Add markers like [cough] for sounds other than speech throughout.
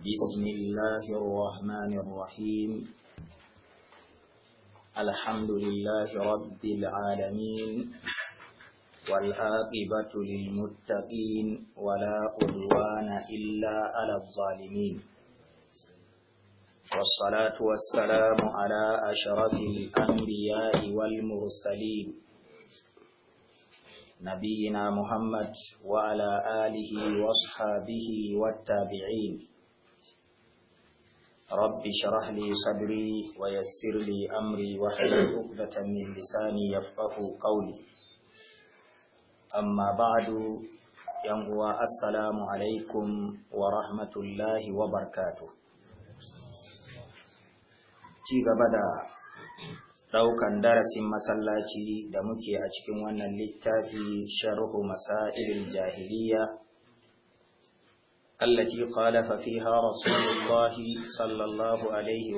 بسم الله الرحمن الرحيم الحمد لله رب العالمين والعاقبة للمتقين ولا عدوان إلا على الظالمين والصلاة والسلام على أشرف الأنبياء والمرسلين نبينا محمد وعلى آله وصحبه والتابعين رب شرح لي صدري ويسر لي أمري وحل عقدة من لساني يفقه قولي أما بعد ينقوى السلام عليكم ورحمة الله وبركاته تيغا بدا ɗaukan darasin masallaci da muke a cikin wannan littafi sharhu masailin jahiliya التي قال ففيها رسول الله صلى الله عليه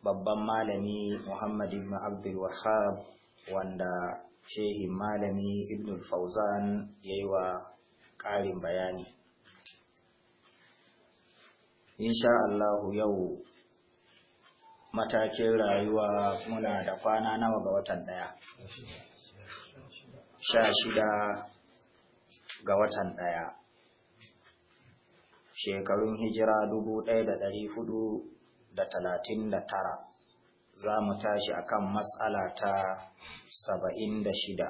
babban malami Muhammad ibn Abdul Wahhab wanda shehi malami Ibn Fauzan yayi wa ƙarin bayani Insha'Allahu, yau matakin rayuwa muna da kwana nawa ga watan ɗaya. sha shida ga watan ɗaya shekarun hijira dubu ɗaya da ɗari hudu da talatin da tara za mu tashi kan matsala ta saba'in da shida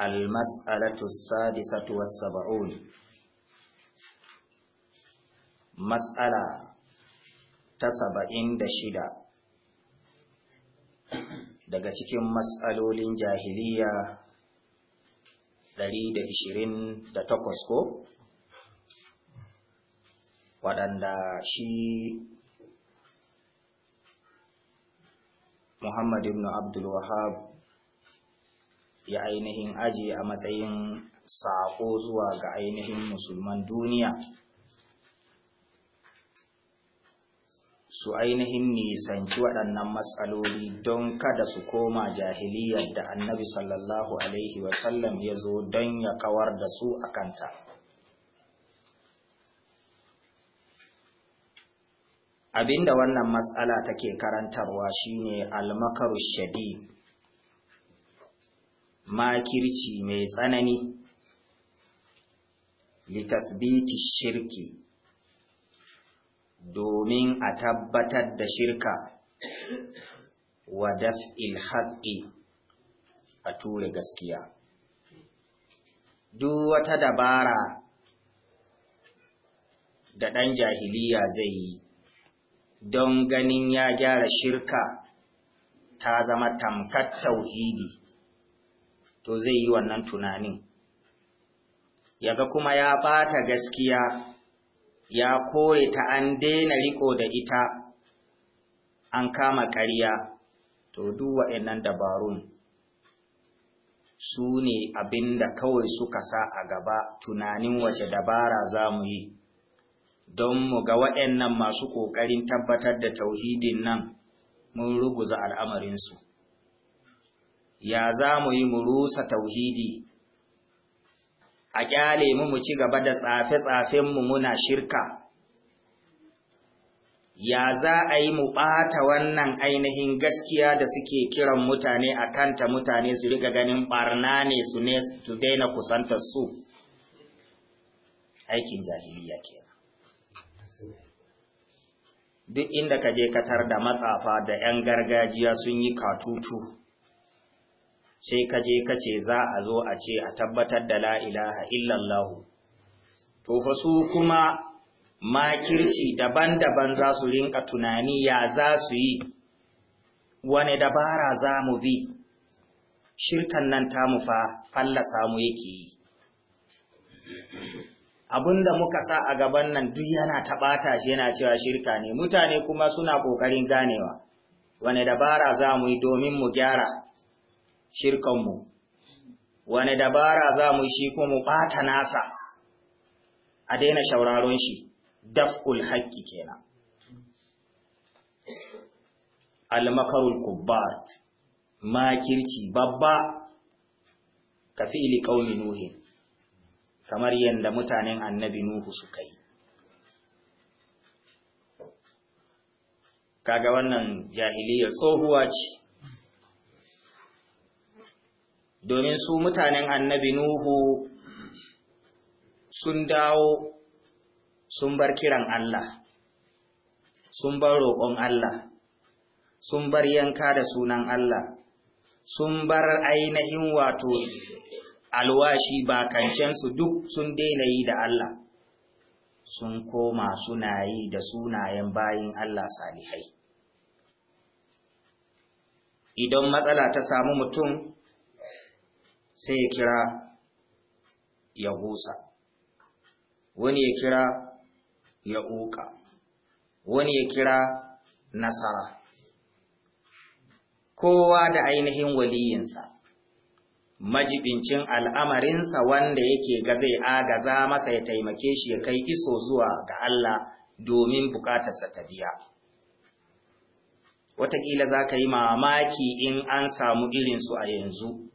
المسألة السادسة ta saba'in da shida. daga cikin matsalolin jahiliya 128 ko waɗanda shi Muhammad ibn Abdul Wahab ya ainihin aji a matsayin saƙo zuwa ga ainihin musulman duniya su ainihin nisanci waɗannan matsaloli don kada su koma jahiliyar da annabi sallallahu alaihi wasallam ya zo don ya kawar da su a kanta abinda wannan matsala take karantarwa shine almakaru shadi, makirci mai tsanani litasbiti shirki domin a tabbatar da shirka wa daf'il haqqi a ture gaskiya duk wata dabara da ɗan jahiliya zai yi don ganin ya gyara shirka ta zama tamkar tauhidi to zai yi wannan tunanin yaga kuma ya ɓata gaskiya ya kore ta an daina riko da ita an kama ƙarya to duk wa'annan dabarun su ne abin da kawai suka sa a gaba tunanin wace dabara za mu yi don mu ga wa'annan masu ƙoƙarin tabbatar da tauhidin nan mun ruguza al'amarinsu ya za mu yi mu rusa tauhidi a kyale mu mu ci gaba da tsafe-tsafenmu muna shirka ya za a yi mu ɓata wannan ainihin gaskiya da suke kiran mutane a kanta mutane su riga ganin ɓarna ne su ne su daina kusantar su aikin jahiliya ke. duk inda ka je katar da matsafa da 'yan gargajiya sun yi katutu sai ka je ka ce za a zo a ce a tabbatar da la ilaha illallahu to fa su kuma makirci daban-daban za su rinka tunani ya za su yi wane dabara za mu bi shirkan nan ta mu fa fallasa mu yake yi Abin da muka sa a gaban nan duk yana taɓata shi yana cewa shirka ne mutane kuma suna ƙoƙarin ganewa wane dabara za mu yi domin mu gyara shirkanmu, wani dabara za mu shi ko mu ɓata nasa a daina shauraron shi, daf'ul haƙƙi kenan. Almakarul kubbar, makirci babba, ka fi'ili ƙaumi Nuhin, kamar yadda mutanen annabi Nuhu suka yi. Kaga wannan jahiliyar tsohuwa ce. domin su mutanen annabi Nuhu sun dawo sun bar kiran Allah, sun bar roƙon Allah, sun bar yanka da sunan Allah, sun bar ainihin wato alwashi bakancensu duk sun daina yi da Allah, sun koma suna yi da sunayen bayin Allah salihai. Idan matsala ta samu mutum, sai ya kira ya husa wani ya kira ya uka wani ya kira nasara kowa da ainihin waliyinsa majibincin al'amarinsa wanda yake ga zai agaza masa ya taimake shi ya kai iso zuwa ga Allah domin bukatarsa ta biya. Wataƙila za ka yi mamaki in an samu irinsu a yanzu,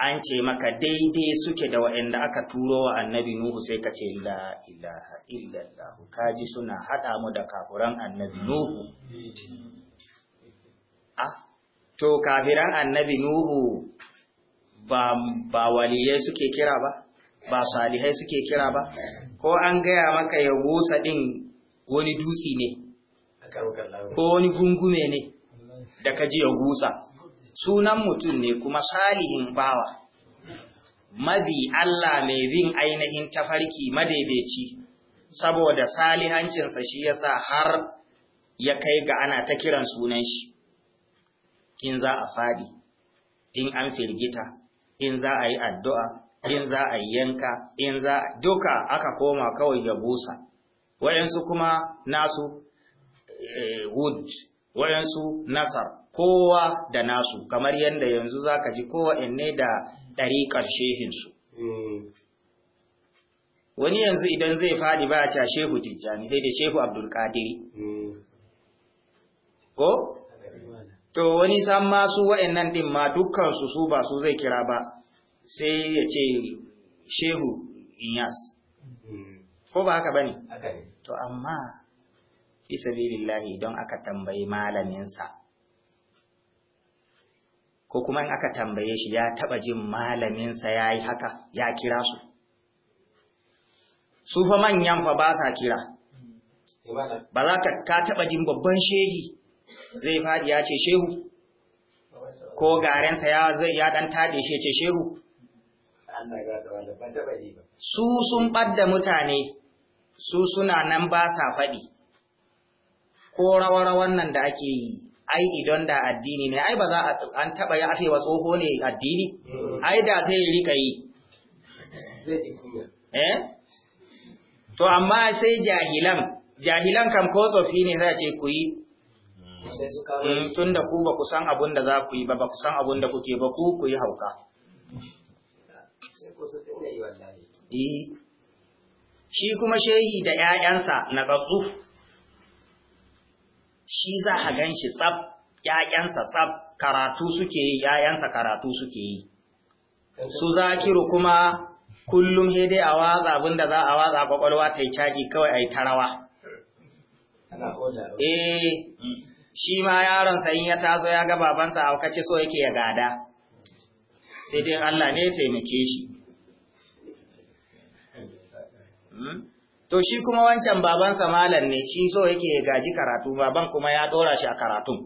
an ce maka daidai suke da wa'anda aka turo wa annabi nuhu sai ka ce la ilaha illallah ka ji suna haɗa mu da kafuran annabi nuhu a to kafiran annabi nuhu ba waliyai suke kira ba ba salihai suke kira ba ko an gaya maka ya gusa ɗin wani dutse ne ko wani gungume ne da ka ji ya gusa sunan mutum ne kuma salihin bawa mabi Allah mai bin ainihin tafarki madaidaici saboda salihancinsa shi yasa har ya kai ga ana ta kiran sunan shi in za a fadi in an firgita in za a yi addu'a in za a yanka, in za duka aka koma kawai ya busa, waɗansu kuma nasu eh, wood wayansu nasar kowa da nasu kamar yadda yanzu za ka ji kowa inne da ɗariƙar shehinsu wani yanzu idan zai faɗi ba a shehu tijjani sai da shehu Abdul abdulkadiri ko to wani san masu su wa'annan ɗin ma dukkansu su ba su zai kira ba sai ya ce shehu inyas ko ba haka bane to amma fi sabilillahi don aka tambayi malaminsa ko kuma in aka tambaye shi ya taba jin malaminsa ya yi haka ya kira su su fa manyan fa ba sa kira ba za ka ka taba jin babban shehi zai faɗi ya ce shehu ko garensa ya zai ya dan taɗe shi ce shehu su sun ɓadda mutane su suna nan ba sa faɗi ko rawa-rawan nan da ake yi ai idan da addini ne ai ba za a an taba ya afewa tsoho ne addini ai da zai rika yi eh to amma sai jahilan jahilan kam ko tsofi ne za ce ku yi mm, tun da ku ba ku san abun da za ku yi ba ba ku san abun da kuke ba ku ku yi hauka eh. shi kuma shehi da 'ya'yansa na tsatsu shi za a gan shi tsab ‘ya'yansa tsab karatu suke yi ‘ya'yansa karatu suke yi su zakiru kuma kullum dai a watsa abinda za a watsa kwakwalwa ta yi caji kawai a yi tarawa eh shi ma yaron in ya tazo ya ga babansa a so yake ya gada sai dai Allah ne ya taimake shi hmm? to shi kuma wancan babansa malam ne shi so yake gaji karatu baban kuma ya dora shi a karatun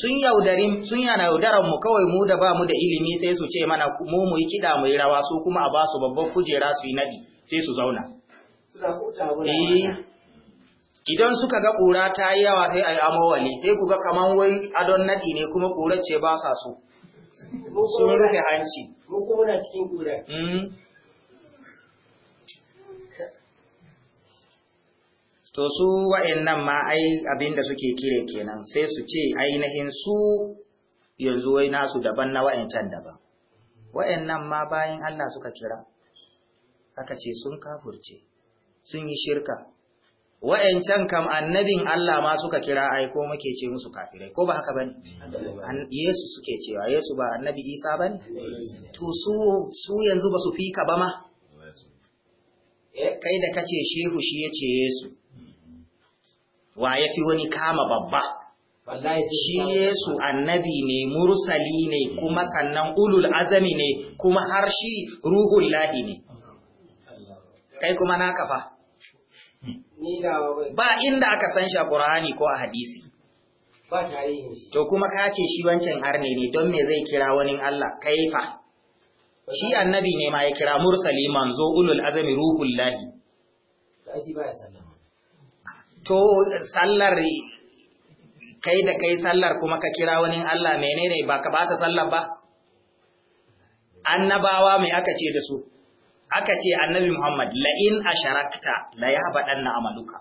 sun yaudari sun yana yaudaran mu kawai mu da ba mu da ilimi sai su ce mana mu mu yi kida mu yi rawa su kuma a ba su babban kujera su yi nadi sai su zauna eh. idan suka ga kura ta yi yawa sai a yi amowali sai ku ga kaman wai adon nadi ne kuma kura ce ba sa so sun rufe hanci to su wa'annan ma ai abin da suke kire kenan sai su ce ainihin su yanzu wai nasu daban na wa'ancan daban wa'annan ma bayan Allah suka kira aka ce sun kafurce sun yi shirka wa'ancan kam annabin Allah ma suka kira ai ko muke ce musu kafirai ko ba haka bane Yesu suke cewa Yesu ba annabi Isa bane to su su yanzu ba su fika ba ma eh, kai da kace shehu shi yace Yesu wa ya fi wani kama babba shi Yesu annabi ne mursali ne kuma sannan ulul azami ne kuma har shi ruhun lahi ne kai kuma na kafa ba inda aka san shi a Qur'ani ko a hadisi ba to kuma ka ce shi wancan harne ne don me zai kira wani Allah kaifa shi annabi ne ma ya kira mursali manzo ulul azami ruhun lahi ba ya sallama to sallar kai da kai sallar kuma ka kira wani Allah menene ba ka bata sallar ba annabawa mai aka ce da su aka ce annabi Muhammad la in asharakta la yahbadanna amaluka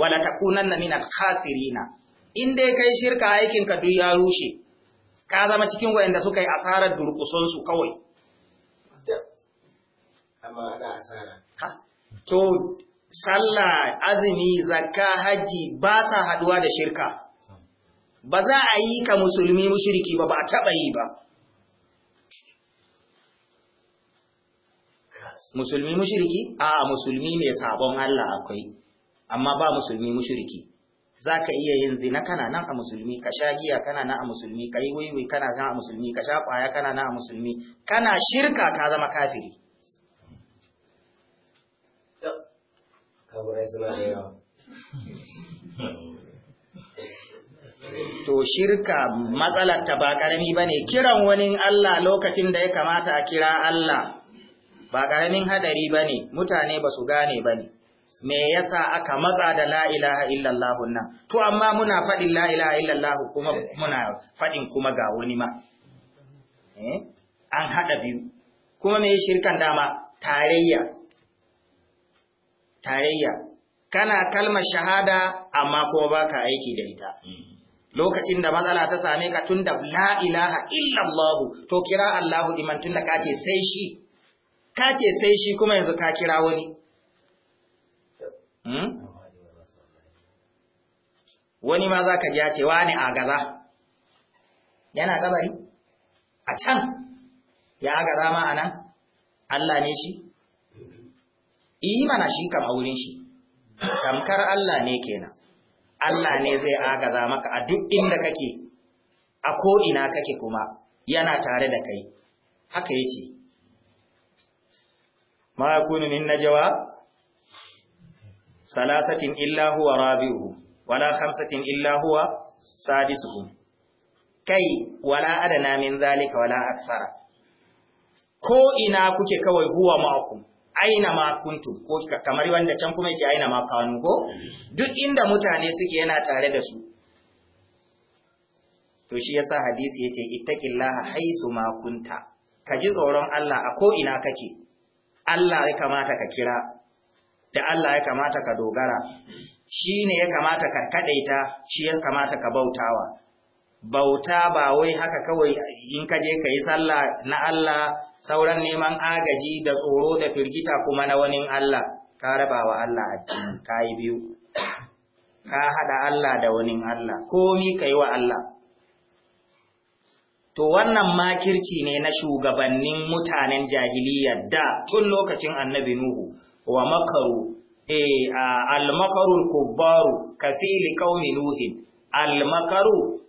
wala takunanna al khasirina in dai kai shirka aikin ka duk ya rushe ka zama cikin wayanda suka yi asarar durkusun su kawai amma ana asara to sallah azumi zakka hajji ba sa haduwa da shirka ba za a yi ka musulmi mushriki ba ba a taba yi ba musulmi mushriki a musulmi mai sabon Allah akwai amma ba musulmi mushriki za ka iya yin zina kana nan a musulmi ka sha giya kana nan a musulmi ka yi wiwi kana nan a musulmi ka sha ƙwaya kana nan a musulmi kana shirka ka zama kafiri to shirka matsalar ta ba karami ba ne kiran wani Allah lokacin da ya kamata a kira Allah ba karamin hadari ba ne mutane ba su gane ba ne me yasa aka matsa da la ilaha illallah nan to amma muna faɗin la ilaha illallah kuma muna faɗin kuma ga wani ma eh an hada biyu kuma me shirkan dama tarayya tarayya kana kalmar shahada amma kuma baka aiki da ita lokacin da matsala ta same ka tunda la ilaha illallah to kira Allahu diman tunda kace sai shi kace sai shi kuma yanzu ka kira wani hmm? wani ma zaka ji ce wani a gaza yana kabari a can ya gaza ma anan Allah ne shi imana mana shi kam a shi, tamkar Allah ne kenan. Allah ne zai agaza maka a duk inda kake, a ko ina kake kuma yana tare da kai, haka yace. Ma yakunu min najwa Salasatin illa huwa rabi'uhu, wala khamsatin illa huwa sadisuhu. Kai, wala adana min zalika wala aksara. Ko ina kuke kawai huwa ma'akum. aina ma kuntu ko kamar wanda can kuma yake aina ma kanu ko duk inda mutane suke yana tare da su to shi yasa hadisi yace ittaqillaha haisu ma kunta ka ji tsoron Allah a ko ina kake Allah ya kamata ka kira da Allah ya kamata ka dogara shi ne ya kamata ka kadaita shi ya kamata ka bautawa bauta ba wai haka kawai in ka je ka yi sallah na Allah sauran neman agaji da tsoro da firgita kuma na wani Allah ka raba wa Allah addini ka yi biyu ka haɗa Allah da wani Allah komi ka yi wa Allah to wannan makirci ne na shugabannin mutanen jahiliya da tun lokacin annabi nuhu wa makaru eh al-makarul kubbaru kafili qaumi nuhin al-makaru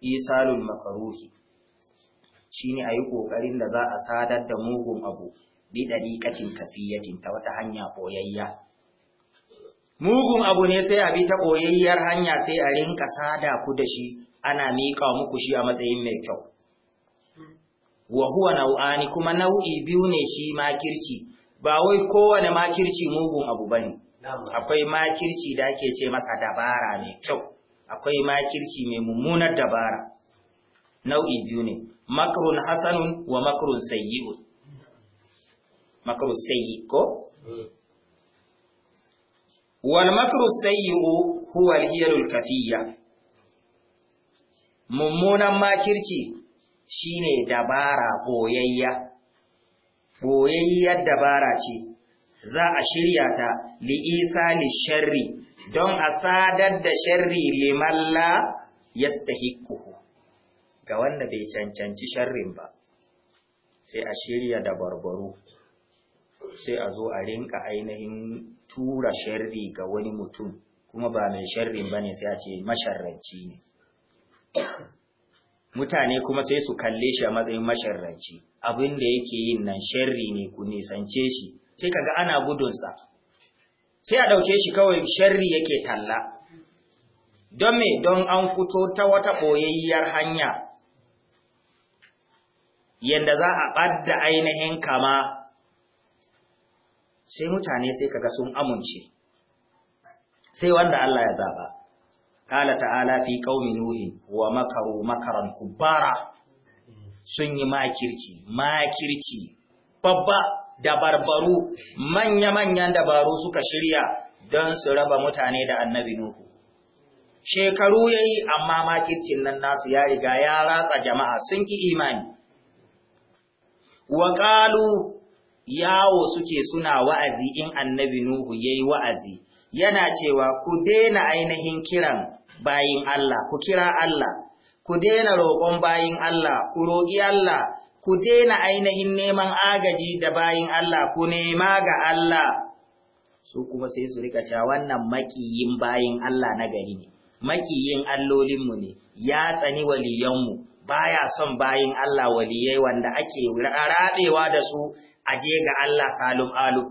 isalul makaruhi Shin a yi ƙoƙarin da za a sadar da mugun abu bi ɗariƙacin kafiyacin ta wata hanya ɓoyayya mugun abu ne sai a bi ta ɓoyayyar hanya sai a rinka sada ku da shi ana miƙa muku shi a matsayin mai kyau wa huwa nau'ani kuma nau'i biyu ne shi makirci ba wai kowane makirci mugun abu ba ne. akwai makirci da ake ce masa dabara mai kyau akwai makirci mai mummunar dabara nau'i biyu ne makrun hasanun wa makrun sayyi'un makrun sayyi ko wal makru sayyi'u huwa al-hiyalul kafiyya mummunan makirci shine dabara boyayya boyayyar dabara ce za a shirya ta li'isali sharri don a sadar da sharri liman la yastahiquhu ga wanda bai cancanci sharrin ba sai a shirya da barbaro sai a zo a rinka ainihin tura sharri ga wani mutum kuma ba mai sharrin ba ne sai a ce masharranci ne mutane kuma sai su kalle shi a matsayin masharranci abin da yake yin nan sharri ne ku nisance shi sai kaga ana gudunsa sai a ɗauke shi kawai sharri yake talla don me don an fito ta wata ɓoyayyar hanya Yanda za a ɓadda ainihin kama sai mutane sai kaga sun amince sai wanda Allah ya zaba kala ta'ala fi qaumi nuhin wa makaru makaran kubara sun yi makirci makirci babba da barbaru; manya-manyan dabaru suka shirya don su raba mutane da annabi Nuhu. Shekaru yayi amma makircin nan nasu ya riga ya ratsa jama'a sun ki imani. wa ƙalu yawo suke suna wa'azi in annabi Nuhu ya yi wa'azi, yana cewa ku daina ainihin kiran bayin Allah, ku kira Allah, ku daina roƙon bayin Allah, ku roƙi Allah, ku daina ainihin neman agaji da bayin Allah, ku nema ga Allah. Su kuma sai su rika cewa wannan maƙiyin bayin Allah na gari ne, maƙiyin allolinmu ne, ya tsani waliyanmu. baya son bayin Allah waliyai wanda ake rabewa da su a je ga Allah salum alu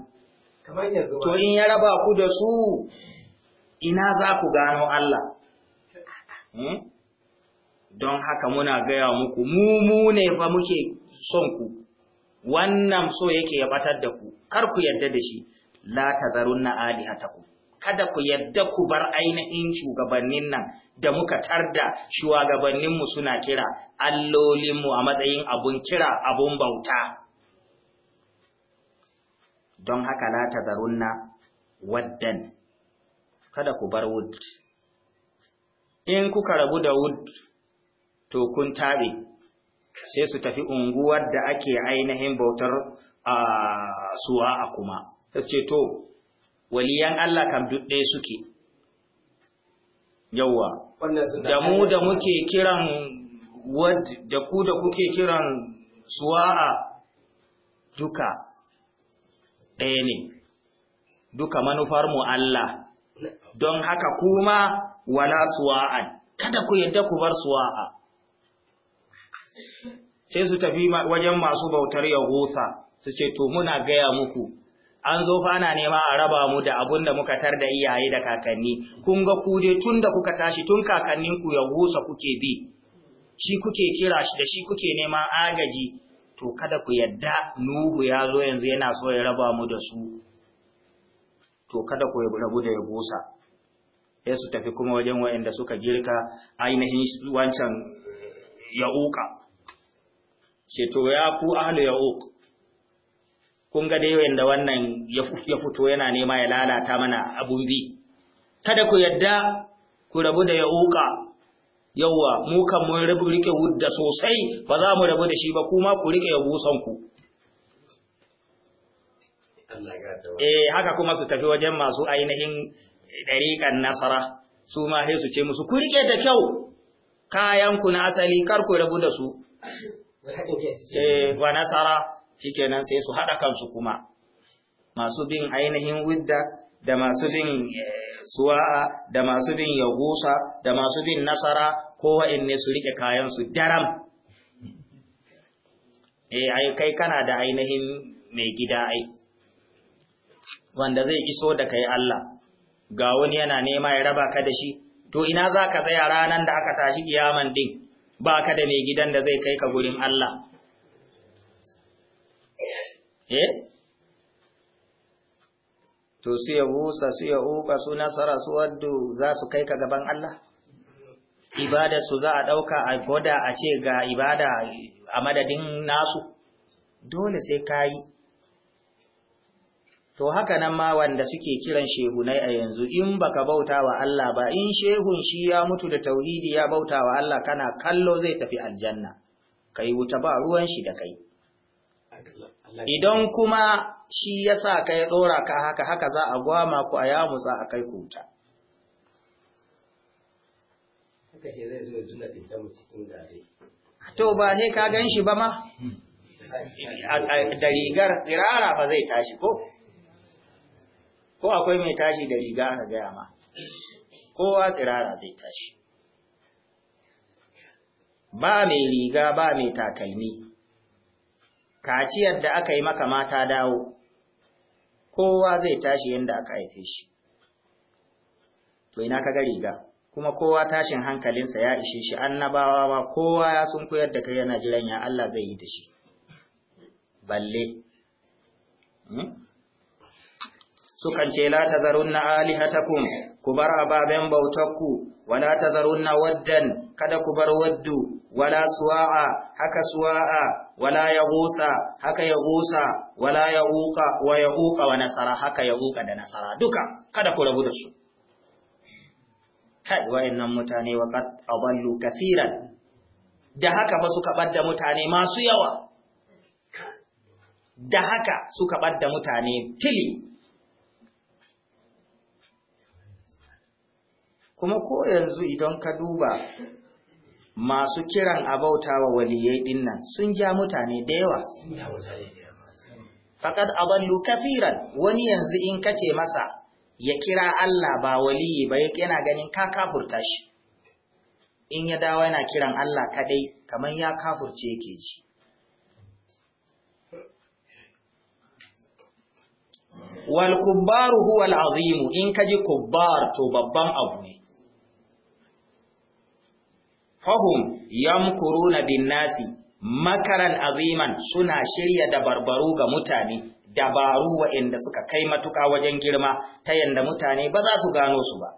to in ya raba ku da su ina za ku gano Allah hmm? don haka muna gaya muku mu mu ne fa muke son ku wannan so yake ya batar da ku kar ku yarda da shi la tazarunna alihatakum kada ku yarda ku bar ainihin shugabannin nan da muka tarda shugabanninmu suna kira allolinmu a matsayin abun kira abun bauta. Don haka lata zarunna waddan, kada ku bar wood. In kuka rabu da wood, to kun taɓe, sai su tafi unguwar da ake ainihin bautar a suwa a kuma. ce to, waliyan Allah kam duk suke. yawa da mu da muke kiran da ku da kuke kiran suwa'a duka ɗaya ne duka manufar mu Allah don haka kuma wala suwa'an kada ku yadda ku bar suwa'a sai su tafi wajen masu bautar yahusa su ce to muna gaya muku an zo fa ana nema a raba mu da abun da muka tar da iyaye da kakanni kun ga ku dai tun da kuka tashi tun kakannin ku ya husa kuke bi shi kuke kira shi da shi kuke neman agaji to kada ku yadda nuhu ya zo yanzu yana so ya raba mu da su to kada ku rabu da ya gusa sai su tafi kuma wajen waɗanda suka girka ainihin wancan ya'uka ce to ya ku ahlu uka. kun ga dai yanda wannan ya fito yana nema ya lalata mana abun bi kada ku yadda ku rabu da yauka yauwa mu kan mun rabu rike wudda sosai ba za mu rabu da shi ba kuma ku rike busan ku eh haka kuma su tafi wajen masu ainihin dariƙan nasara su ma sai su ce musu ku rike da kyau kayan ku na asali kar ku rabu da su eh wa nasara shikenan sai su haɗa kansu kuma masu bin ainihin widda da masu bin eh, suwa'a da masu bin yagusa da masu bin nasara kowa inne su riƙe kayansu daram e ai kai kana da ainihin mai gida ai wanda zai iso da kai Allah ga wani yana nema ya raba ka da shi to ina za ka tsaya ranar da aka tashi kiyaman din ba ka da mai gidan da zai kai ka gurin Allah eh to su ya busa su ya uka su nasara su waddu za su kai ka gaban Allah ibada su za a ɗauka a goda a ce ga ibada a madadin nasu dole sai ka to haka nan ma wanda suke kiran shehunai a yanzu in baka bauta wa Allah ba in shehun shi ya mutu da tauhidi ya bauta wa Allah kana kallo zai tafi aljanna kai wuta ba ruwan shi da kai Idan kuma shi ya sa ka ya ɗora ka haka haka za a gwama ku a yamusa a kai kuta. Haka shi zai zo ya tuna ɗinta mu cikin gare. To ba sai ka gan shi ba ma? Da rigar tsirara ba zai tashi ko? Ko akwai mai tashi da riga aka gaya ma? Kowa tsirara zai tashi. Ba mai riga ba mai takalmi. kaciyar da aka yi maka mata dawo, kowa zai tashi yadda aka haife shi. To ina ka ga riga, kuma kowa tashin hankalinsa ya ishe shi annabawa ba kowa ya sun koyar da kai yana jiran ya Allah zai yi da shi. Balle. Hmm? Sukan ce, La ta zarun na alihatakun, ku bar ababen bautakku, wala ta zarun na waddan, kada ku bar waddu, wala suwa'a, haka suwa'a, wala ya gutsa haka ya gutsa wala ya uka wa ya uka wa nasara haka ya uka da nasara duka kada ku rabu da su kai wayannan mutane wa qad adallu kaseeran da haka fa suka badda mutane masu yawa da haka suka badda mutane tili kuma ko yanzu idan ka duba masu kiran a bauta wa waliyai dinnan sun ja mutane da yawa faƙad aballu kafiran wani yanzu in kace masa ya kira Allah ba waliyi ba yana ganin ka kafurta shi in ya dawo yana kiran Allah kadai kamar ya kafurce yake ji wal kubbaru huwa al in kaji kubbar to babban abu ne fahum yamkuruna bin nasi makaran aziman suna shirya dabarbaru ga mutane dabaru waɗanda suka kai matuka wajen girma ta yanda mutane ba za su gano su ba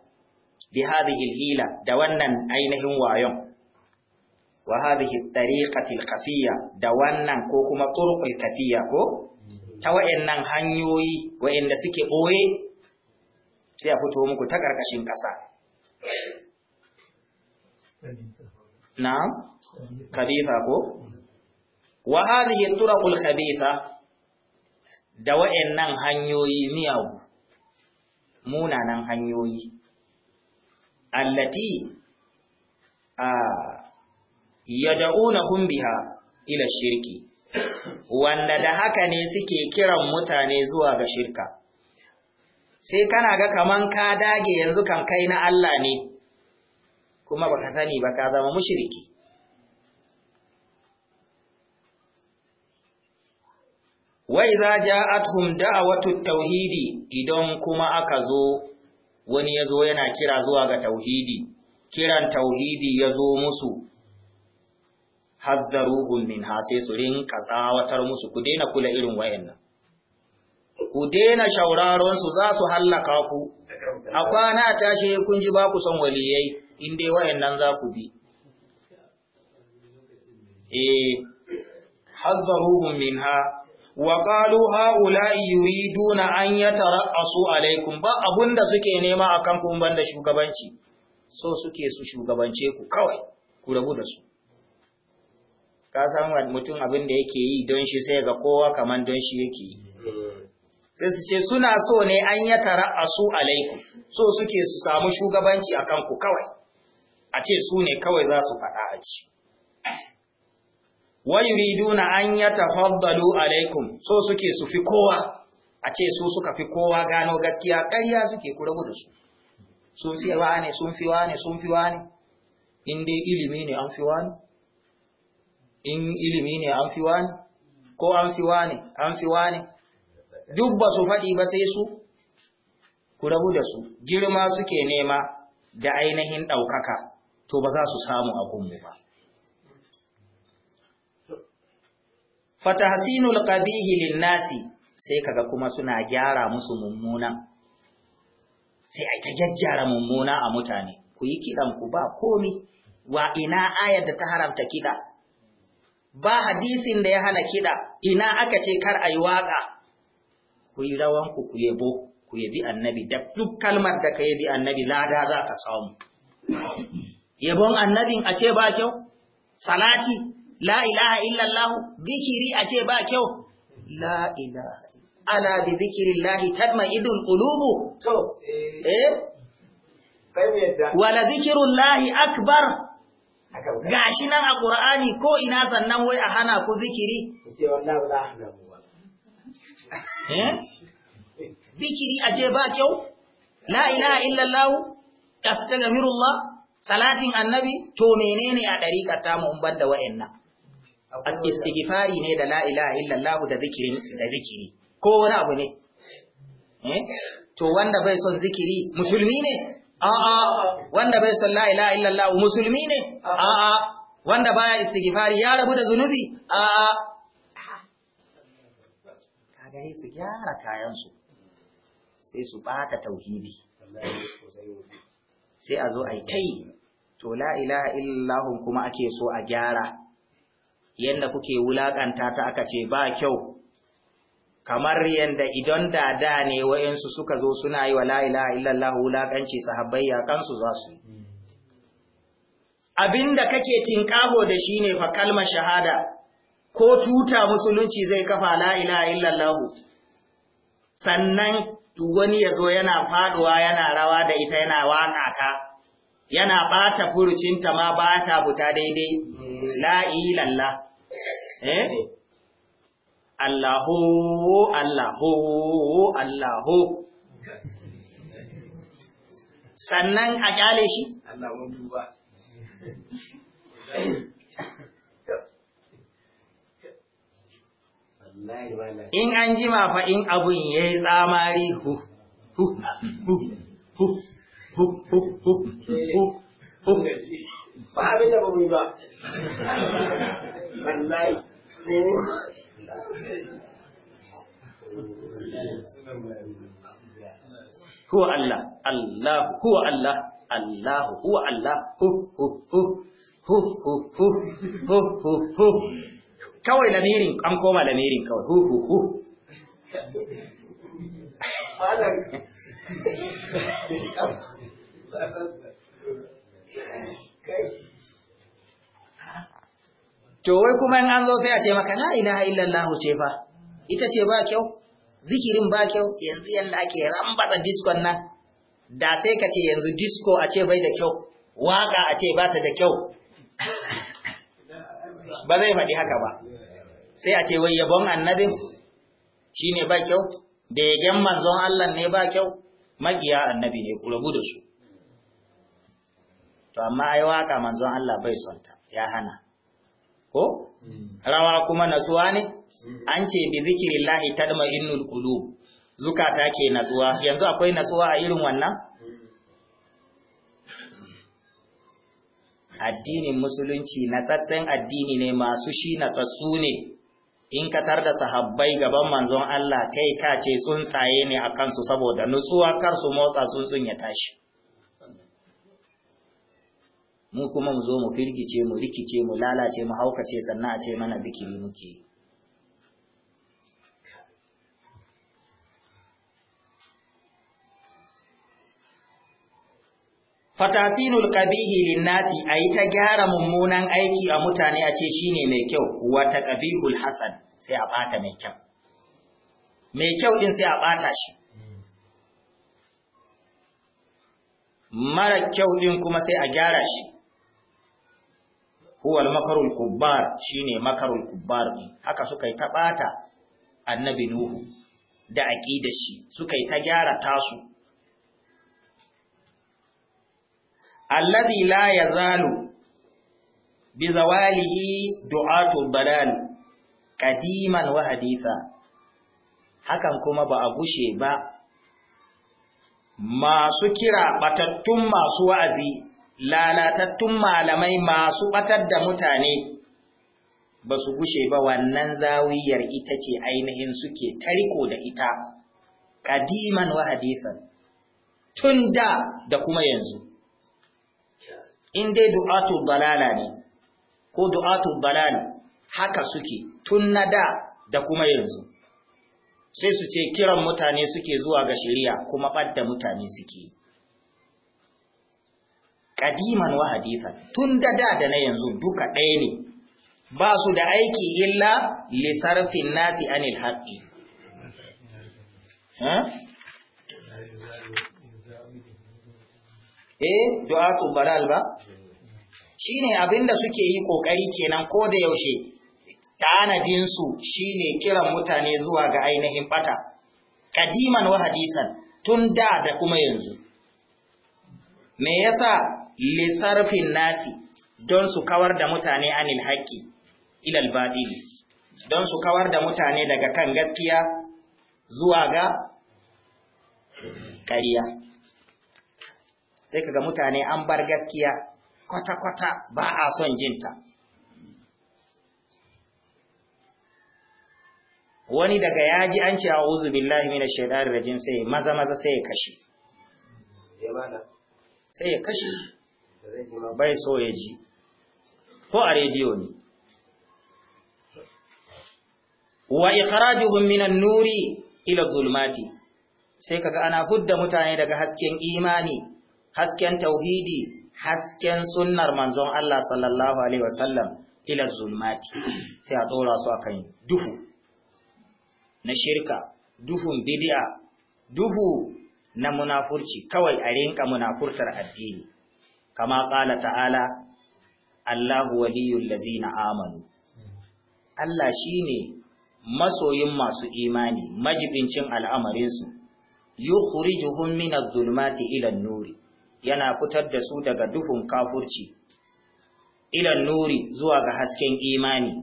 bi hadhihi hila da wannan ainihin wayon wa hadhihi tariqati al da wannan ko kuma turuqul ko ta waɗannan hanyoyi waɗanda suke boye sai a fito muku ta karkashin ƙasa Na, khabitha ko wa hadhihi turaqul khabitha da wa'annan hanyoyi miyawu munanan hanyoyi allati a yad'unahum biha ila shirki wanda da haka ne suke kiran mutane zuwa ga shirka sai kana ga kaman ka dage yanzu kan kai na Allah ne kuma baka sani ba ka zama mushiriki. mushriki wa idza ja'atuhum da'awatu tauhidi idan kuma aka zo wani yazo yana kira zuwa ga tauhidi kiran tauhidi ya zo musu hazzaruhum min sai su rinka tsawatar musu ku daina kula irin wayannan ku daina shauraron su za su hallaka ku a kwana tashi kun ji ba ku son waliyai in dai nan za ku bi eh min minha wa qalu haula'i yuriduna an yatarassu alaikum ba abunda suke nema akan ku banda shugabanci so suke su shugabance ku kawai ku rabu da su ka san mutum abin da yake yi don shi sai ga kowa kaman don shi yake yi sai su ce suna so ne an yatarassu alaikum so suke su samu shugabanci akan ku kawai a ce su ne kawai za su faɗa a ci. Wayuri duna an ta hoddalu alaikum so suke su fi kowa, a ce su suka fi kowa gano gaskiya ƙarya suke kura gudu da su. Sun fi wane, sun fi wane, sun fi wane, in dai ilimi ne an fi wane, in ilimi ne an fi wane, ko an fi wane, an fi wane, duk ba su faɗi ba sai su, ku da su, girma suke nema da ainihin ɗaukaka. to ba za su samu a gunmu ba fatahasinul qabihi linnasi sai kaga kuma suna gyara musu mummuna sai ai ta gyaggyara mummuna a mutane ku yi kidan ku ba komi wa ina ayar da ta haramta kiɗa? ba hadisin da ya hana kiɗa, ina aka ce kar ayi waka ku yi rawan ku ku ku yabi annabi da duk kalmar da ka yabi annabi lada za ka samu yabon annabin a ce ba kyau salati la ilaha illallah zikiri a ce ba kyau la ilaha ala bi zikrillahi tatma'idul qulubu to eh, eh? wala lahi akbar gashi nan a ƙura'ani ko ina sannan wai a hana ku zikiri? [laughs] Eh? Zikiri a ce ba kyau? La ilaha illallahu, astagfirullah, salatin annabi to menene a ɗariƙar mu in banda wa'annan istighfari ne da la ilaha illallah da zikiri da zikiri ko wani abu ne eh to wanda bai son zikiri musulmi ne a'a wanda bai son la ilaha illallah musulmi ne a'a wanda baya istighfari ya rabu da zunubi a'a kagare su gyara kayan su sai su baka tauhidi sai a zo a yi ta to la ilaha kuma ake so a gyara yadda kuke wulaƙanta ta aka ce ba kyau kamar yadda idan da da ne wayansu suka zo suna yi wa la illallah wulakanci sahabbai ya kansu za su yi abinda kake tinkaho da shi ne fa kalmar shahada ko tuta musulunci zai kafa la illallah sannan duk wani ya zo yana faduwa yana rawa da ita yana waka ta yana bata furucinta ma ba ta buta daidai la ilalla eh Allahu Allahu Allahu sannan a kyale shi Allahu duba [coughs] in an ji fa in abun ya yi tsamari hu hu hu hu hu hu hu hu ba abin da ba ba wallahi Allah Allah Allah Allah Allah hu hu hu hu hu hu hu hu kawai lamirin an koma lamirin kawai hu hu to wai kuma in an zo sai a ce maka la ilaha illallah ce fa ita ce ba kyau zikirin ba kyau yanzu yanda ake rambata diskon nan da sai ka ce yanzu disko a ce bai da kyau waka a ce ba ta da kyau ba zai faɗi haka ba sai a ce wai yabon annabi shi ne ba kyau da yagen manzon Allah ne ba kyau magiya annabi ne ku rabu da su to amma ai waka manzon Allah bai sonta ya hana ko rawa kuma nasuwa ne an ce bi zikirillahi tadma innul qulub zukata ke natsuwa yanzu akwai natsuwa a irin wannan addinin musulunci natsatsen addini ne masu shi natsatsu ne in ka tar da sahabbai gaban manzon Allah kai ka ce tsuntsaye ne a kansu saboda nutsuwa kar su motsa tsuntsun ya tashi mu kuma mu zo mu firgice mu rikice mu lalace mu haukace sannan a ce mana bikini muke fatasinul qabihi linnati a yi ta gyara mummunan aiki a mutane a ce shine mai kyau wata qabihul Hassan, sai a ɓata mai kyau mai kyau ɗin sai a ɓata shi mara kyau ɗin kuma sai a gyara shi huwal makarul kubbar shi ne makarul kubbar ne haka suka yi ta bata annabi nuhu da da shi suka yi ta gyara tasu allazi la yazalu bi zawalihi du'atu balal kadiman wa haditha hakan kuma ba a gushe ba masu kira batattun masu wa'azi lalatattun malamai masu batar da mutane ba su gushe ba wannan zawiyar ita ce ainihin suke tariko da ita kadiman wa tun da da kuma yanzu in dai du'atu dalala ne ko du'atu balal haka suke tun na da kuma yanzu sai su ce kiran mutane suke zuwa ga shari'a kuma ɓadda mutane suke ƙadiman wa hadithan tun da da da na yanzu duka ɗaya ne ba su da aiki illa lisarfin nasi anil haƙƙi eh du'atu balal ba shine abinda suke yi kokari kenan ko da yaushe tanadin su shine kiran mutane zuwa ga ainihin bata kadiman wa hadisan tun da da kuma yanzu me yasa sarfin nasi don su kawar da mutane anil haqqi ilal batili don su kawar da mutane daga kan gaskiya zuwa ga ƙariya? sai kaga mutane an bar gaskiya kwata-kwata ba a son jinta wani daga yaji an ce wuzu billahi minash da jin sai maza maza sai ya kashe sai ya kashe bai so ya ji ko a rediyo ne wa ikhrajuhum minan nuri ila zulmati sai kaga ana hudda mutane daga hasken imani hasken tauhidi hasken sunnar manzon Allah sallallahu alaihi wasallam ila zulmati sai a dora su akan duhu na shirka duhun bid'a duhu na munafurci kawai a rinka munafurtar addini kama qala ta'ala Allahu waliyul na amanu Allah shine masoyin masu imani majibincin al'amarinsu yukhrijuhum minadh-dhulumati ila an-nuri yana fitar da su daga duhun kafurci ilan nuri zuwa ga hasken imani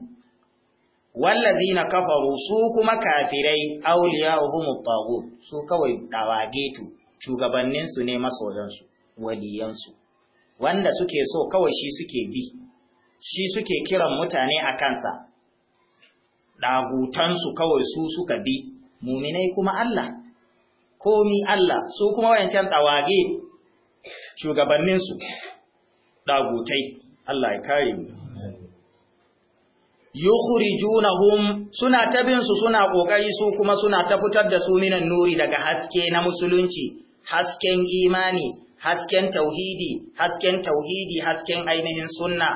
na kafaru su kuma kafirai awliya'uhum at-taghut su kawai dawagetu shugabannin ne masoyan su wanda suke so kawai shi suke bi shi suke kiran mutane a kansa dagutan su kawai su suka bi muminai kuma Allah komi Allah su kuma wayancan dawage shugabanninsu ɗagutai Allah ya kare mu yukhrijunahum suna tabin su suna ƙoƙari su kuma suna ta fitar da su minan nuri daga haske na musulunci hasken imani hasken tauhidi hasken tauhidi hasken ainihin sunna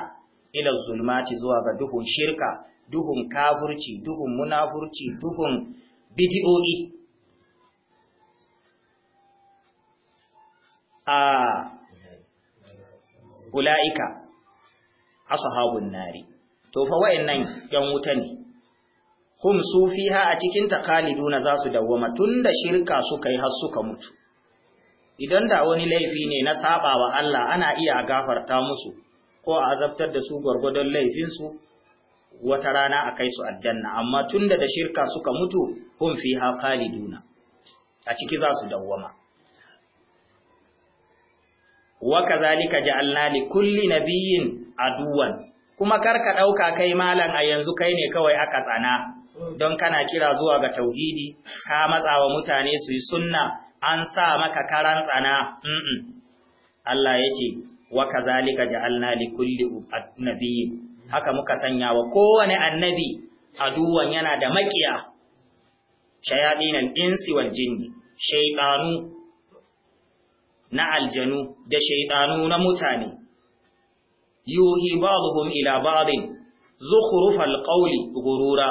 ila zulmati zuwa ga duhun shirka duhun kafurci duhun munafurci duhun bid'o'i a ula'ika ashabun nari to fa wayannan yan wuta ne Kum hum ha a cikin takaliduna za su dawwama tunda shirka suka yi har suka mutu idan da wani laifi ne na saba wa Allah ana iya gafarta musu ko a azabtar da su gwargwadon laifin su wata rana a kai su aljanna amma tunda da shirka suka mutu kum fiha khaliduna a ciki za su dawwama wa kazalika ja'alna li kulli nabiyyin aduwan kuma karka ɗauka kai malam a yanzu kai ne kawai aka tsana don kana kira zuwa ga tauhidi ka matsa wa mutane su yi sunna an sa maka karan tsana mm -mm. Allah yace wa kazalika ja'alna li kulli nabiyyin haka muka sanya wa kowane annabi aduwan yana da makiya shayaɗinan insi wal jinni shaytanu na aljanu da shaidanu na mutane yuhi ba'dhum ila ba'din zukhrufal qawli gurura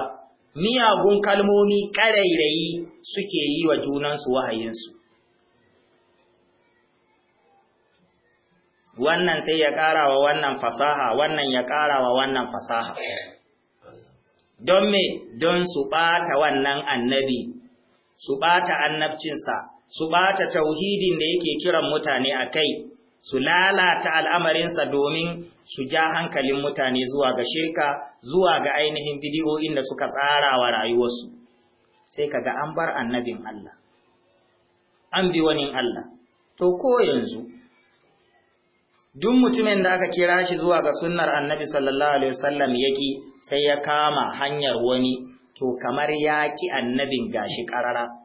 miyagun kalmomi karairayi suke yi wa junansu wahayinsu wannan sai ya ƙara wa wannan fasaha wannan ya ƙara wa wannan fasaha don me don su bata wannan annabi su ɓata annabcinsa su ɓata tauhidin da yake kiran mutane a kai, su lalata al'amarinsa domin su ja hankalin mutane zuwa ga shirka, zuwa ga ainihin bidiyo inda suka tsara wa rayuwarsu. Sai kaga an bar annabin Allah, an bi wani Allah, to ko yanzu. Duk mutumin da aka kira shi zuwa ga sunnar annabi sallallahu Alaihi wasallam yaki sai ya kama hanyar wani, to kamar ya ki annabin gashi ƙarara.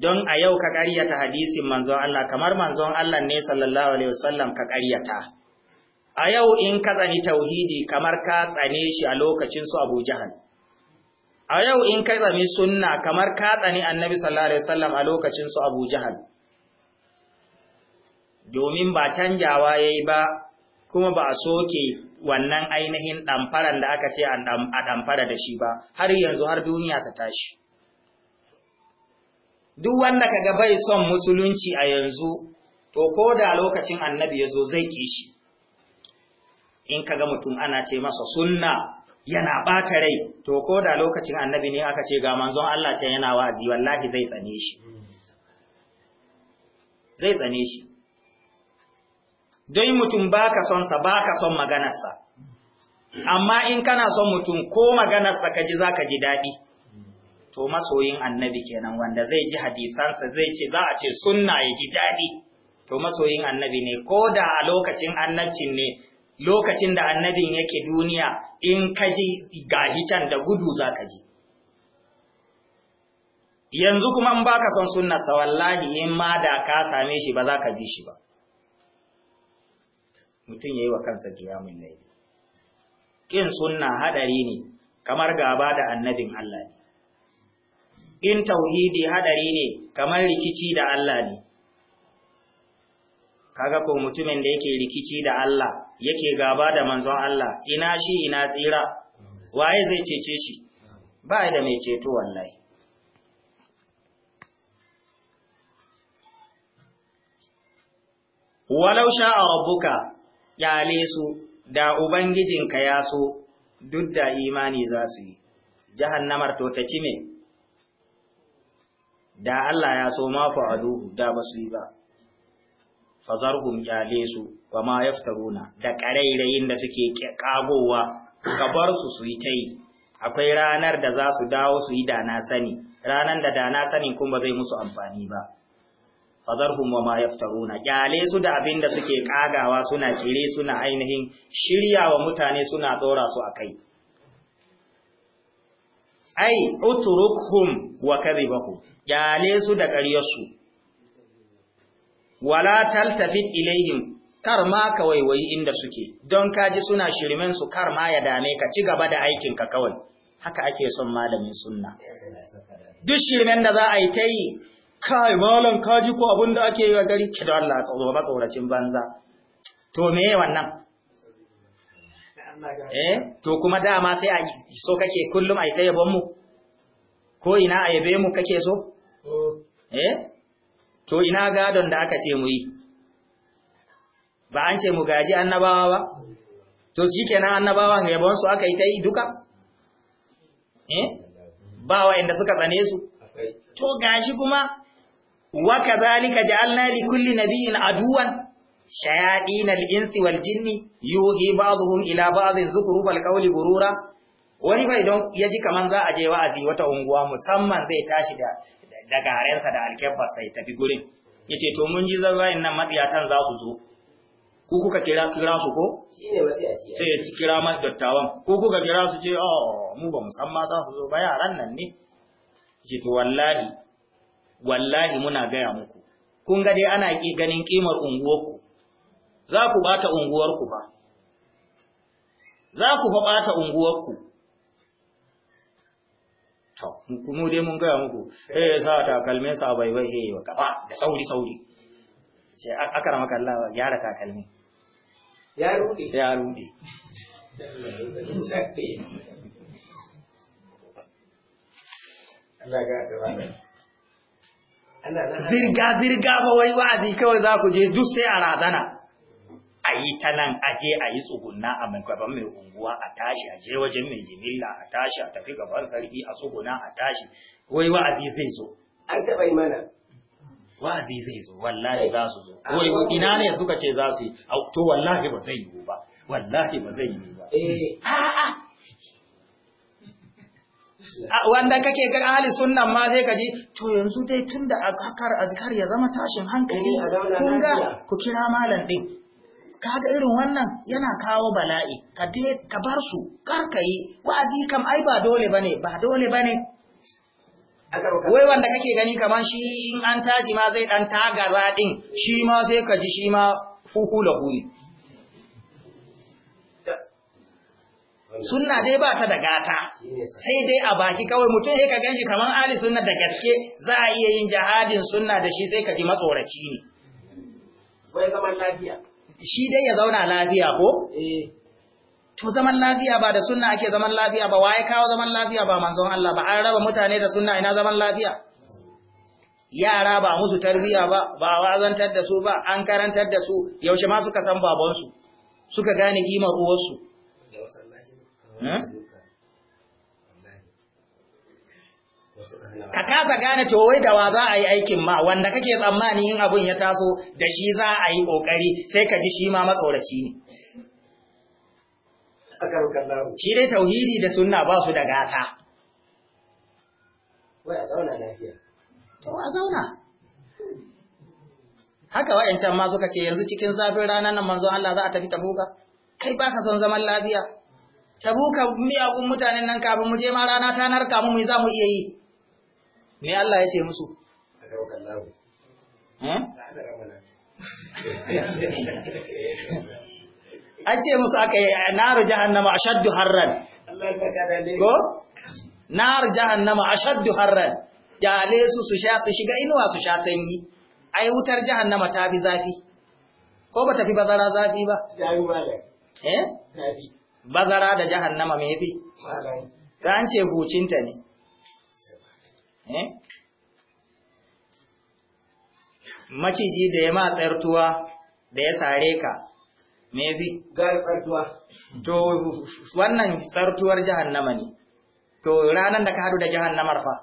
don a yau ka ƙaryata hadisin manzon Allah kamar manzon Allah ne sallallahu alaihi wasallam ka ƙaryata a yau in ka tsani tauhidi kamar ka tsane shi a lokacin su Abu Jahal a yau in ka tsani sunna kamar ka tsani annabi sallallahu alaihi wasallam a lokacin su Abu Jahal domin ba canjawa yayi ba kuma ba a soke wannan ainihin ɗamfaran da aka ce a ɗamfara da shi ba har yanzu har duniya ta tashi duk wanda kaga bai son musulunci a yanzu to ko da lokacin annabi ya zo zai kishi in kaga mutum ana ce masa sunna yana ɓata rai to ko da lokacin annabi ne aka ce ga manzon Allah ce yana wa'azi wallahi zai tsane shi zai tsane shi dai mutum baka son sa baka son maganarsa amma in kana son mutum ko maganarsa ka ji zaka ji daɗi to masoyin annabi kenan wanda zai ji hadisansa zai ce za a ce sunna ya ji daɗi to masoyin annabi ne ko da a lokacin annabcin ne lokacin da annabin yake duniya in ka ji gahitan da gudu za ka ji yanzu kuma in baka son sunnarsa wallahi in ma da ka same shi ba za ka bi shi ba mutum ya yi wa kansa kiyamun laifi Kin sunna haɗari ne kamar gaba da annabin Allah ne in tauhidi hadari ne kamar rikici da Allah ne kaga ko mutumin da yake rikici da Allah yake gaba da manzon Allah ina shi ina tsira waye zai cece shi ba da mai ceto wallahi walau sha'a rabbuka yale su da ubangijinka ya so duk da imani za su yi jahannamar to ta ci mai. da Allah ya so ma fa'aluhu da basu yi ba fazarhum kyale su wa ma yaftaruna da ƙarairayin da suke ƙagowa ka bar su su yi ta yi akwai ranar da za su dawo su yi da sani ranar da dana na sani kuma zai musu amfani ba fazarhum wa ma yaftaruna kyale su da abin da suke kagawa suna kire suna ainihin shirya wa mutane suna dora su kai. ai utrukhum wa kadhibahu yale su da ƙaryarsu wala taltafit ilaihim kar ma ka waiwayi inda suke don kaji suna shirmen su kar ma ya dame ka ci gaba da aikin ka kawai haka ake son malamin sunna duk shirmen da za a yi ta yi kai malam kaji ko abin da ake yi a gari ki da Allah tsoro ba tsoracin banza to me wannan eh to kuma dama sai a so kake kullum yi ta yabon mu ko ina a yabe mu kake so? Eh? To ina gadon da aka ce mu yi, ba an ce mu gaji annabawa ba? To shi kenan annabawan yabonsu aka yi ta yi duka? Eh? Ba wa'inda suka tsane su? To gashi kuma, wa ka zalika ja'alna li kulli nabiyin aduwan. shayaɗin al'insi wal jinni yuhi ba'dhum ila ba'dhin zukuru qawli gurura wani bai don ya ji kaman za a je wa'azi wata unguwa musamman zai tashi da da garensa da alkebar sai tafi gurin yace to mun ji zawayin nan matsiyatan za su zo ku kuka kira kira su ko shine wasiyaci sai kira ma dattawan ku kuka kira su ce oh mu ba musamman za su zo ba yaran nan ne yace to wallahi wallahi muna gaya muku kun ga dai ana ki ganin kimar unguwarku za ku bata unguwarku ba za ku fa bata unguwarku to mu dai mun gaya muku eh sa takalmin sa bai bai eh wa kafa da sauri sauri sai aka ramaka Allah wa gyara takalmin ya rude ya rude zirga zirga ba wai wa'azi kawai za ku je duk sai a razana a yi ta nan aje a yi tsuguna a gaban mai unguwa a tashi a je wajen mai jimilla a tashi a tafi gaban sarki a tsuguna a tashi wai wa'azi zai zo an taɓa yi mana wa'azi zai zo wallahi za su zo wai ina ne suka ce za su yi to wallahi ba zai yiwu ba wallahi ba zai yiwu ba eh. a'a wanda kake ga ahli sunnan ma sai kaji to yanzu dai tunda akar azkar ya zama tashin hankali eh, kun ga ku kira malam din kaga irin wannan yana kawo bala'i ka de ka bar su kar ka yi wa'azi kam ai ba dole bane ba dole bane wai wanda kake gani kaman shi in an tashi ma zai dan taga radin shi ma sai ka ji shi ma fuku da huli sunna dai ba ta da gata sai dai a baki kawai mutum sai ka ganshi kaman ali sunna da gaske za a iya yin jihadin sunna da shi sai ka ji matsoraci ne wai zaman lafiya shi dai ya zauna lafiya ko? Eh. To zaman lafiya ba da sunna ake zaman lafiya ba, wa ya kawo zaman lafiya ba manzon Allah ba, an raba mutane da sunna ina zaman lafiya. Yara ba musu tarbiya ba, ba wazantar da su ba, an karantar da su, yaushe ma suka san babansu, suka gane kimar uwarsu. ka kasa gane to wai da wa za a yi aikin ma wanda kake tsammani in abun ya taso da shi za a yi kokari sai ka ji shi ma matsoraci ne shi dai tauhidi da sunna ba su da gata wai a zauna lafiya to a zauna haka ma suka ce yanzu cikin zafin ranar nan manzo Allah za a tafi tabuka kai ka son zaman lafiya tabuka miyagun mutanen nan kafin mu je ma rana ta narka mu mai za mu iya yi me Allah ya ce musu [laughs] an ce musu aka yi naru jahannama a shaddu harran ko? naru jahannama a shaddu harran jale su su sha su shiga inuwa su sha sanyi ai wutar jahannama ta fi zafi ko ba ta fi bazara zafi ba? eh? bazara da jahannama me fi? ta an ce hucinta ne Hmm? maciji da ya ma tsartuwa da ya sare ka me fi gari tsartuwa to wannan tsartuwar jahannama ne to ranar da ka haɗu da jahannamar fa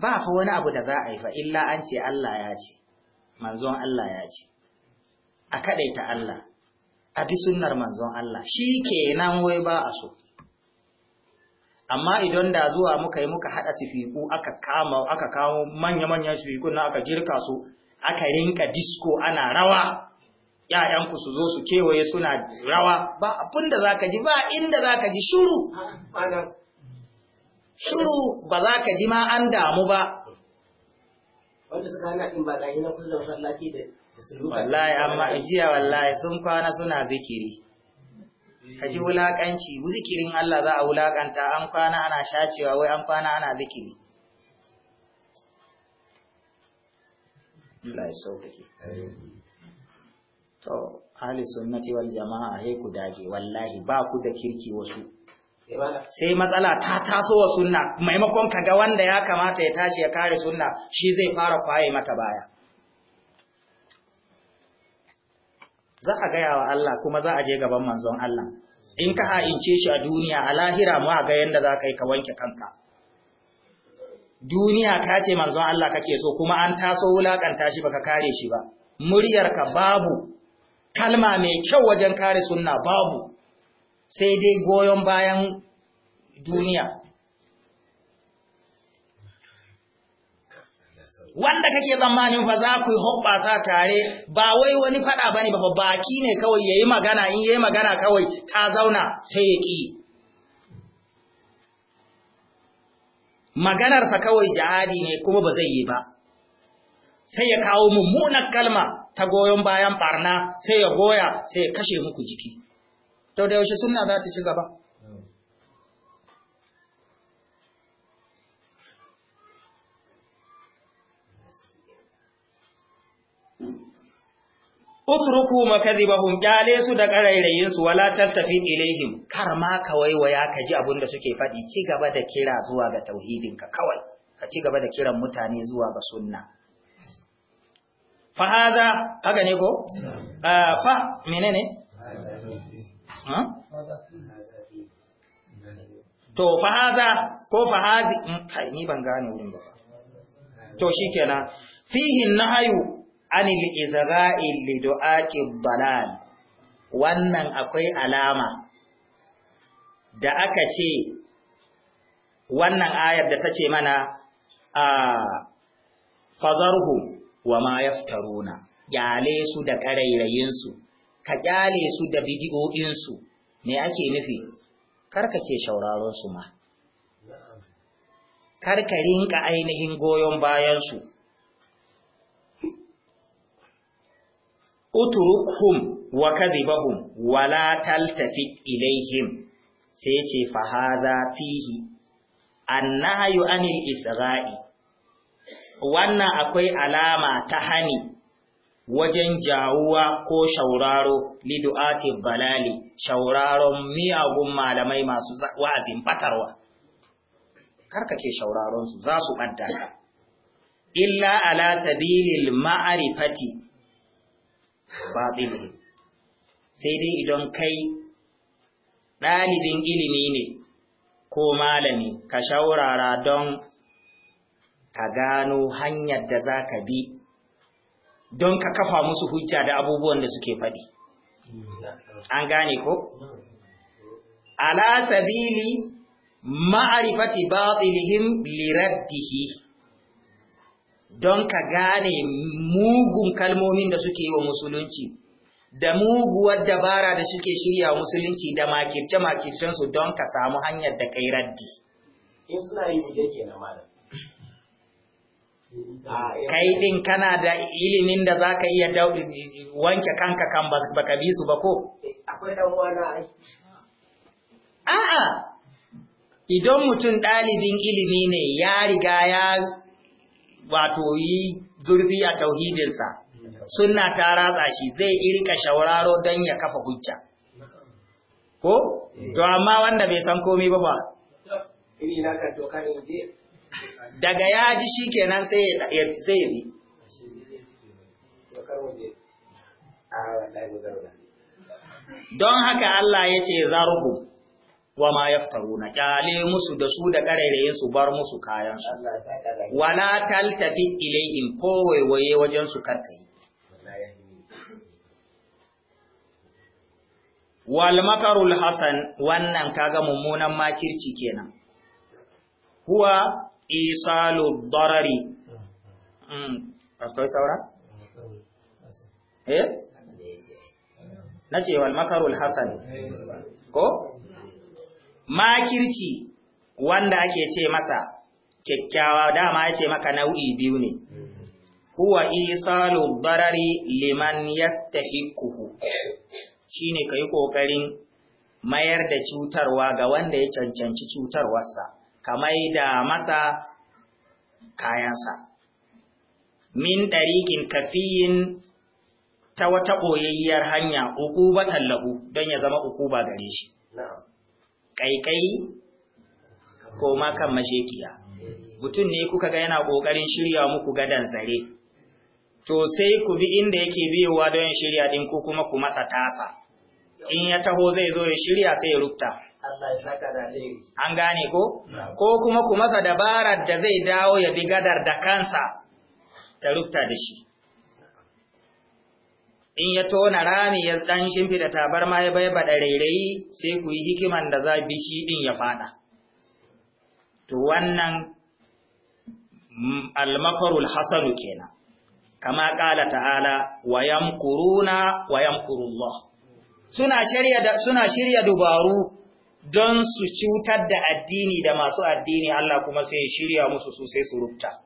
ba fa wani abu da za a yi fa illa an ce Allah ya ce manzon Allah ya ce a kaɗaita Allah a bi sunnar manzon Allah shi kenan wai ba a so amma idan da zuwa muka yi muka haɗa sifiku aka kama aka kawo manya-manyan sifikun na aka girka su aka rinka disko ana rawa ‘ya'yanku su zo su kewaye suna rawa ba abin da za ka ji ba inda za ka ji shuru shuru ba za ka ji ma an damu ba wanda suka hana in ba ga yi na kusurwa da da wallahi amma ijiya wallahi sun kwana suna zikiri ka ji wulakanci zikirin Allah za a wulakanta an kwana ana shacewa wai an kwana ana zikiri to ahli sunnati wal jama'a he ku dage wallahi ba ku da kirki wasu sai matsala ta taso wa sunna maimakon kaga wanda ya kamata ya tashi ya kare sunna shi zai fara kwaye mata baya za a gaya wa Allah kuma za a je gaban manzon Allah in ka ha'ince shi a duniya a lahira mu a ga yadda za ka yi ka wanke kanka duniya ka ce manzon Allah kake so kuma an taso wulakanta shi baka kare shi ba muryarka babu kalma mai kyau wajen kare sunna babu sai dai goyon bayan duniya wanda kake tsammanin fa za ku yi hoɓɓasa tare ba wai wani faɗa ba ne ba baki ne kawai ya yi magana in ya yi magana kawai ta zauna sai ya ƙi maganarsa kawai jihadi ne kuma ba zai yi ba sai ya kawo mummunan kalma ta goyon bayan ɓarna, sai ya goya sai ya kashe muku jiki to da yaushe sunna za ta ci gaba utruku makadhibahum kyale su da karairayin su wala tattafi ilaihim karma kawai waya abin da suke faɗi ci gaba da kira zuwa ga tauhidin ka kawai ka ci gaba da kiran mutane zuwa ga sunna fa hada haka ne ko ah, fa menene to fa hada ko fa hadi hmm, ni ban gane wurin ba to shikenan fihi nahayu anil izra'il li du'ati dalal wannan akwai alama da aka ce wannan ayar da tace mana a fazarhu wa ma yaftaruna kyale su da karairayin su ka kyale su da bidiyoyin su me ake nufi karka ke shauraron su ma karka rinka ainihin goyon bayan su uturukhum wa kadhibahum wa la taltafit ilayhim sai ce fa hadha fihi annahyu anil isra'i wannan akwai alama ta hani wajen jawuwa ko shauraro du'ati balali shauraron miyagun malamai masu wa'azin batarwa karkake shauraron su za su banta illa ala sabilil ma'arifati batilun sai dai idan kai ɗalibin ilimi ne ko malami ka shaurara don ka gano hanyar da za ka bi don ka kafa musu hujja da abubuwan da suke faɗi an gane ko ala sabili ma'arifati batilihim liraddihi don ka gane mugun kalmomin da suke yi wa musulunci da muguwar dabara da suke shirya wa musulunci da makirce-makircensu don ka samu hanyar da kai raddi. In yi Kai ɗin kana da ilimin da za ka iya wanke kanka kan baka bi su ba ko? Akwai A'a, idan mutum ɗalibin ilimi ne ya riga ya wato yi zurfi a tauhidinsa suna ta ratsa shi zai irka shauraro don ya kafa hujja ko to amma wanda bai san komai ba ba daga ya ji shi kenan sai ya bi don haka Allah ya ce zarubu. wa ma yaftaruna kyale musu da su da karairayin su bar musu kayan su wala taltafi ilaihim ko waiwaye wajen su karkai wal makarul hasan wannan kaga mummunan makirci kenan huwa isalu darari mm akwai saura eh nace wal makarul hasan ko makirci wanda ake ce masa kyakkyawa dama ya ce maka nau'i biyu ne huwa isalu darari liman yastahiquhu shine kai kokarin mayar da cutarwa ga wanda ya cancanci cutarwarsa kamar da masa kayansa min ɗariƙin kafiyin ta wata ɓoyayyar hanya uku ba tallahu don ya zama uku ba gare shi. No. kaikai ko makan mashekiya. Mutum ne kuka ga yana kokarin shirya muku gadan zare, to sai ku bi inda yake biyowa don shirya din ko kuma ku masa tasa. In ya taho zai zo ya shirya sai ya rubta. An gane ko? Ko kuma ku masa dabarar da zai dawo ya bi gadar da kansa, ta rubuta da shi. in ya tona rami ya dan shimfida tabar ma ya bai da rairayi sai ku yi hikiman da za bi shi din ya fada to wannan mm, almakarul hasanu kenan kama kala ta'ala wa yamkuruna wa yamkurullah suna shirya suna shirya dubaru don su cutar da addini da masu addini Allah kuma sai shirya musu su sai su rubuta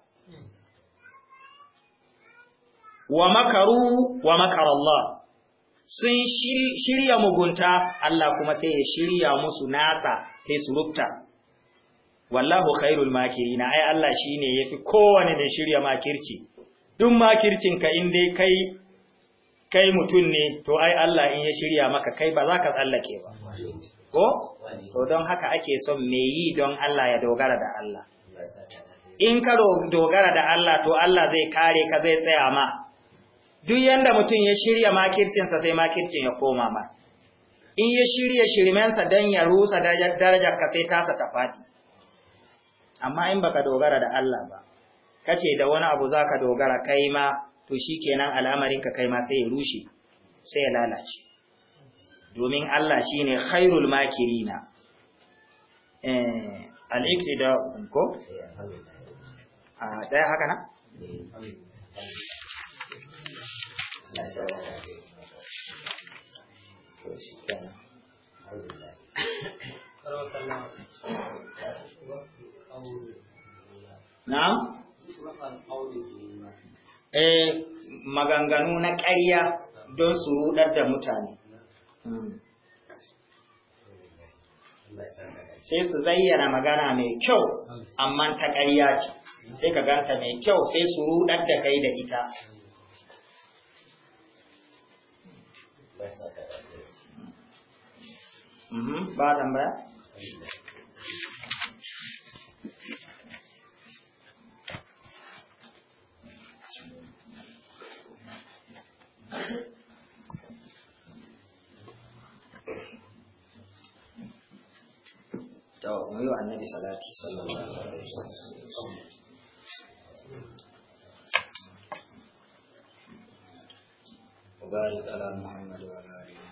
wa makaru wa makar Allah sun shirya mugunta Allah kuma sai ya shirya musu nasa sai su rubta wallahu khairul makirina ai Allah shine yafi kowane da shirya makirci duk makircin ka in dai kai kai mutun ne to ai Allah in ya shirya maka kai ba za ka tsallake ba ko to don haka ake son me yi don Allah ya dogara da Allah in ka dogara da Allah to Allah zai kare ka zai tsaya ma duk yanda mutum ya shirya makircinsa sai makircin ya koma ma in ya shirya shirmensa don ya rusa darajarka sai tasa ta faɗi amma in baka dogara da Allah ba kace da wani abu za ka dogara kai ma to shi al'amarin ka kai ma sai ya rushe sai ya lalace domin Allah shine khairul makirina eh al ko eh, a ah, Ɗaya haka na eh, Eh, maganganu na ƙarya don su rudar da mutane hmm. sai su zayyana magana mai kyau amma ta ƙarya ce sai ka ganta mai kyau sai su rudar da kai da ita Mm-hmm. ba tambaya to annabi salati sallallahu alaihi wasallam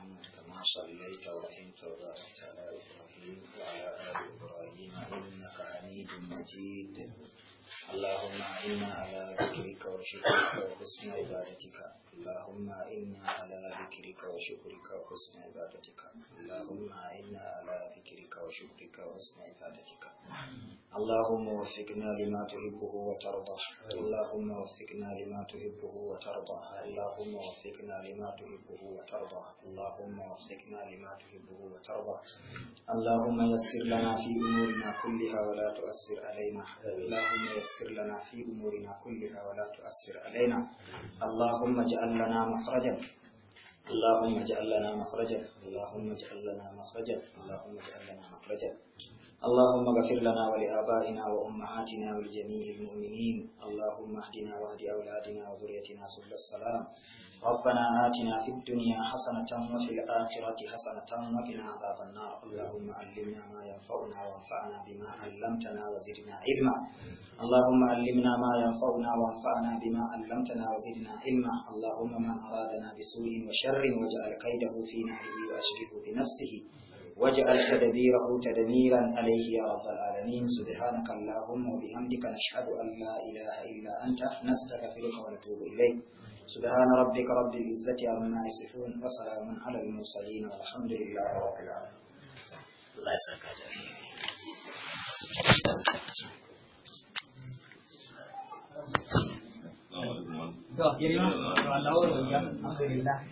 صليت ورحمت وباركت على إبراهيم وعلى آل إبراهيم إنك حميد مجيد اللهم أعنا على ذكرك وشكرك وحسن عبادتك اللهم إنا على ذكرك وشكرك وحسن عبادتك اللهم إنا على ذكرك وشكرك وحسن عبادتك اللهم وفقنا لما تحبه وترضى اللهم وفقنا لما تحبه وترضى اللهم وفقنا لما تحبه وترضى اللهم وفقنا لما تحبه وترضى اللهم يسر لنا في أمورنا كلها ولا تؤثر علينا اللهم يسر لنا في أمورنا كلها ولا تؤثر علينا اللهم اجعل اجعل لنا مخرجا اللهم اجعل لنا مخرجا اللهم اجعل لنا مخرجا اللهم اجعل لنا مخرجا اللهم اغفر لنا ولآبائنا وأمهاتنا ولجميع المؤمنين اللهم اهدنا واهد أولادنا وذريتنا سبل السلام ربنا آتنا في الدنيا حسنة وفي الآخرة حسنة وقنا عذاب النار اللهم علمنا ما ينفعنا وانفعنا بما علمتنا وزدنا علما اللهم علمنا ما ينفعنا وانفعنا بما علمتنا وزدنا علما اللهم من أرادنا بسوء وشر واجعل كيده في نحره وأشركه بنفسه واجعل تدبيره تدميرا عليه يا رب العالمين سبحانك اللهم وبحمدك نشهد أن لا إله إلا أنت نستغفرك ونتوب إليك سبحان ربك رب العزة عما يصفون وسلام على المرسلين والحمد لله رب العالمين الله يسعدك الحمد لله